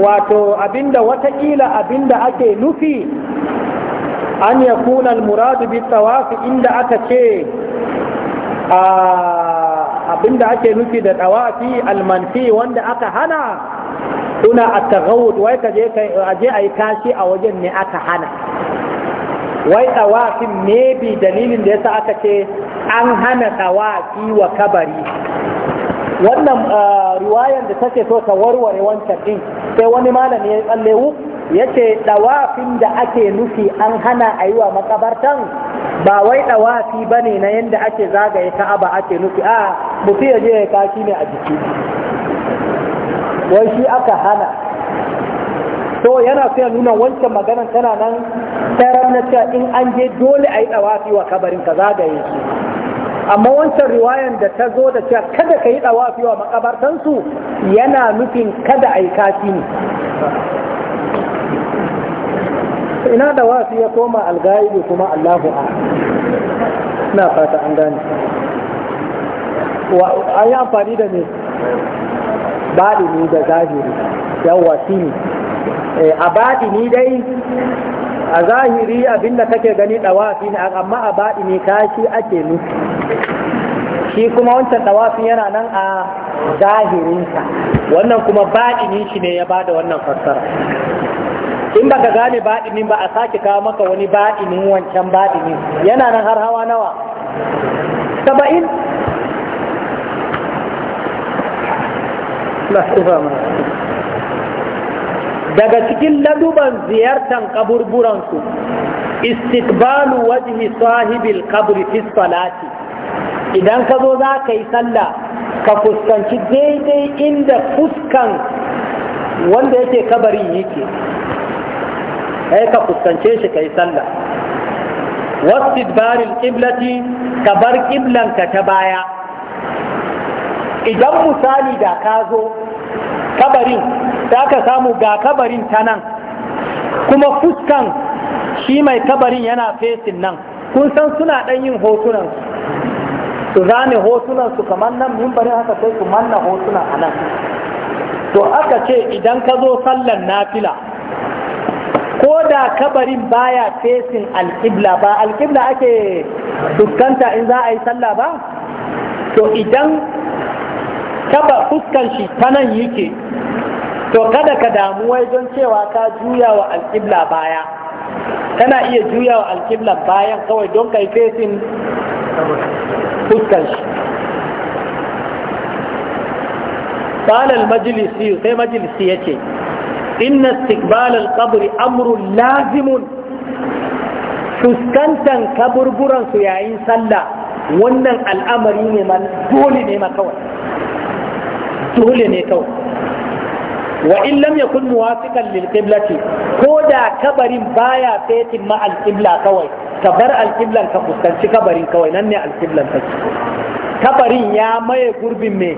wato abinda watakila abinda ake nufi an ya kuna almuradu bi tawafi inda aka ce abinda ake nufi da tawafi almanfi wanda aka hana kuna a tagawud wai ka je a yi kashi a wajen ne aka hana wai tawafin bi dalilin da yasa aka ce an hana tawafi wa kabari wannan uh, riwayar da take so ta warware wancan din sai wani malami ya tsallewu ya ce ɗawafin da ake nufi an hana a yi wa makabartan ba wai ɗawafi ba ne na yadda ake zagaye ka'aba ake nufi a mutu ya je ya kashi ne a jiki wai shi aka hana to yana so ya nuna wancan maganan tana nan tsayarar na cewa in an je dole a yi ɗawafi wa kabarin ka zagaye su amma wancan riwayan da ta zo da cewa kada ka yi ɗawafi wa makabartansu yana nufin kada a yi kafi ne ina da wasu ya koma algaibi kuma Allahu a na fata an gane an yi amfani da ne baɗi da zahiri yawwa shi ne Eh, a baɗi ni dai a zahiri abinda kake gani ɗawafi ne amma a baɗi ne kashi ake nufi shi kuma wancan ɗawafi yana nan a zahirinsa wannan kuma baɗi ni shi ne ya bada wannan fassara in baka gane ni ba a sake kawo maka wani baɗi ni wancan baɗi ni. yana nan har hawa nawa saba'in daga cikin laduban ziyartan kaburburansu su wajhi sahibil kabri fi salati idan ka zo za ka yi sallah ka fuskanci daidai inda fuskan wanda yake kabari yake kai ka fuskance shi ka yi sallah wasu barin ƙiblati ka bar ƙiblanka ta baya idan misali da ka zo kabarin da aka samu ga kabarin ta nan kuma fuskan shi mai kabarin yana fesin nan kun san suna ɗan yin hotunan su zane hotunan su kamar nan mimbarin haka sai su manna hotunan a nan to aka ce idan ka zo sallan nafila ko da kabarin baya fesin alƙibla ba alƙibla ake fuskanta in za a yi sallah ba to idan kaba fuskan shi ta nan yake to kada ka damu wai don cewa ka juya wa alƙibla baya kana iya juya wa alƙibla bayan kawai don kai fesin fuskar shi قال المجلسي سي مجلسي يتي إن استقبال القبر أمر لازم fuskantan kaburburansu yayin sallah wannan al'amari ne man dole ne kawai dole ne kawai wa in lam yakun muwafiqan lil qiblati ko da kabarin baya fetin ma al qibla kawai ka bar al qiblan ka fuskanci kabarin kawai nan ne al qiblan take kabarin ya maye gurbin me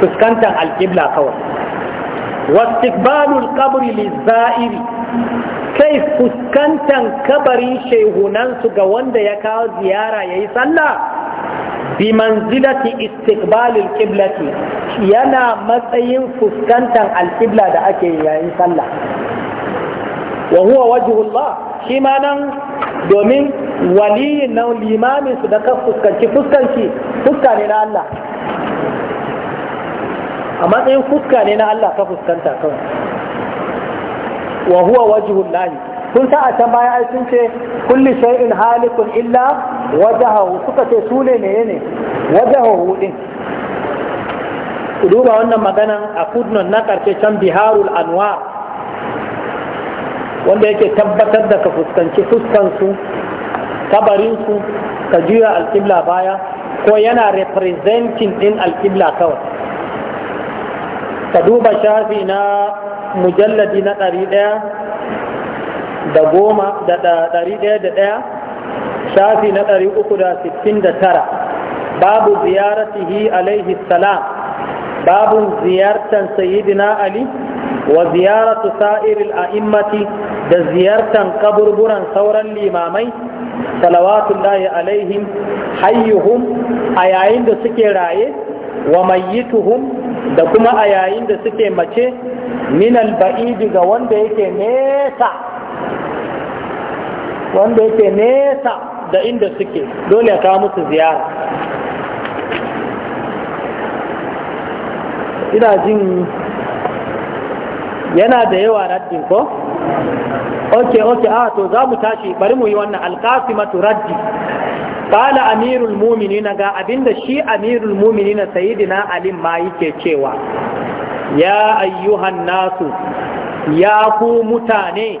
fuskantar al qibla kawai wastiqbalul qabri lizairi kai fuskantar kabarin shehunansu ga wanda ya kawo ziyara yayi sallah bi manzilati istiqbalil qiblati yana matsayin fuskantar alqibla da ake yayin sallah wa huwa wajhullah shi ma nan domin waliyin nan limamin su da ka fuskanci fuskanci fuska ne na Allah a matsayin fuska ne na Allah ka fuskanta kawai wa huwa wajhullahi sun sa a can baya ai sun ce kulli shay'in halikun illa wajahahu suka ce su ne menene wajahahu din ku duba wannan maganan a kudnon na karshe can biharul anwa wanda yake tabbatar da ka fuskanci fuskansu kabarinsu ka juya alƙibla baya ko yana representing din alƙibla kawai ka duba shafi na mujalladi na ɗari ɗaya da goma da ɗari ɗaya da ɗaya shafi na ɗari uku da sittin da tara babu ziyaratihi alaihi salam babu ziyartan sayyidina ali wa ziyaratu sa'iril a'immati da ziyartan kaburburan sauran limamai salawatullahi alaihim hayyuhum a yayin da suke raye wa mayyituhum da kuma a yayin da suke mace minal ba'idi ga wanda yake nesa wanda yake nesa da inda suke dole ya kawo musu ziyara ina jin yana da yawa raddin ko? ok ok a ah, to za mu tashi bari mu yi wannan alkafimatu raddi Bala amirul na ga abinda shi amirul na sayidina alim ma yake cewa ya ayyuhan nasu ya ku mutane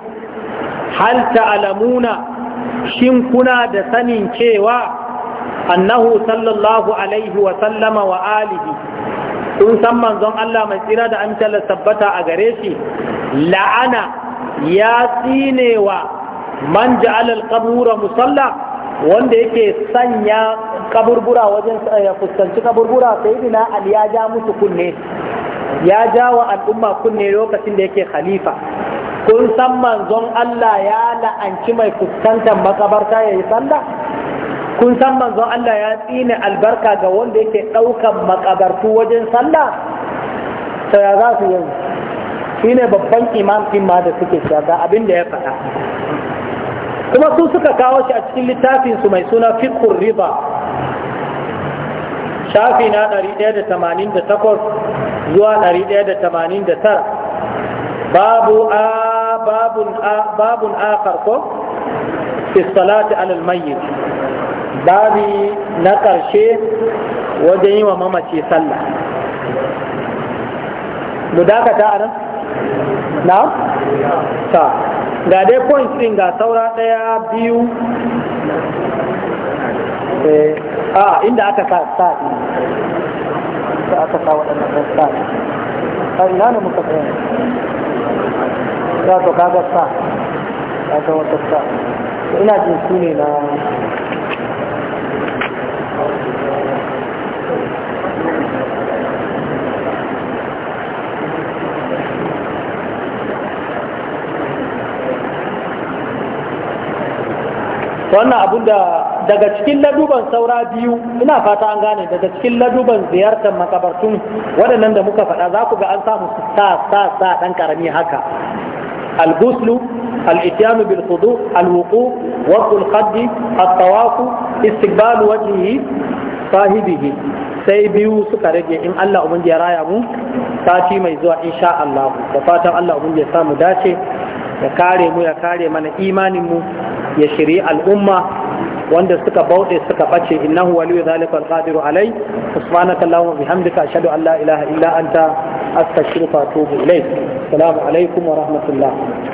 hal ta'lamuna shin kuna da sanin cewa annahu sallallahu alaihi wa sallama wa alihi kun san manzon Allah mai tsira da amsala tabbata a gare shi la'ana ya tsinewa man ja'ala al-qabura musalla wanda yake sanya kaburbura wajen ya eh, fuskanci kaburbura dina Ali ya ja musu kunne ya ja wa al'umma kunne lokacin da yake khalifa kun san manzon Allah ya la'anci mai fuskantar makabarta ya yi sallah kun san manzon Allah ya tsine albarka ga wanda yake ɗaukan makabartu wajen sallah ta ya za su yanzu shi ne babban imam ɗin ma da suke shaga abin da ya faɗa kuma su suka kawo shi a cikin littafin su mai suna fiqhur riba shafi na 188 zuwa 189 babu a babun babun akhar ko fi salati alal babi na karshe wajen yi wa mamaci sallah mu dakata a nan na ta ga dai point din ga saura daya biyu eh, a inda aka sa sa aka sa waɗannan sa a ina ne muka tsaye za to kaga sa kaga wata sa ina jin su ne na wannan abun da daga cikin laduban saura biyu ina fata an gane daga cikin laduban ziyartar makabartun waɗannan da muka faɗa za ku ga an samu sa sa sa ɗan ƙarami haka الغسل الاتيان بالخضوع الوقوف وضع الخد الطواف استقبال وجهه صاحبه sai biyu suka rage in Allah ya raya mu sati mai zuwa insha Allah da fatan Allah ubangiji ya samu dace ya kare mu ya kare mana imanin mu ya shirya al'umma wanda suka bauɗe suka ɓace innahu waliyu zalika alqadiru alai subhanaka allahumma bihamdika ashhadu an la ilaha illa anta astaghfiruka wa atubu ilayk assalamu alaikum wa rahmatullah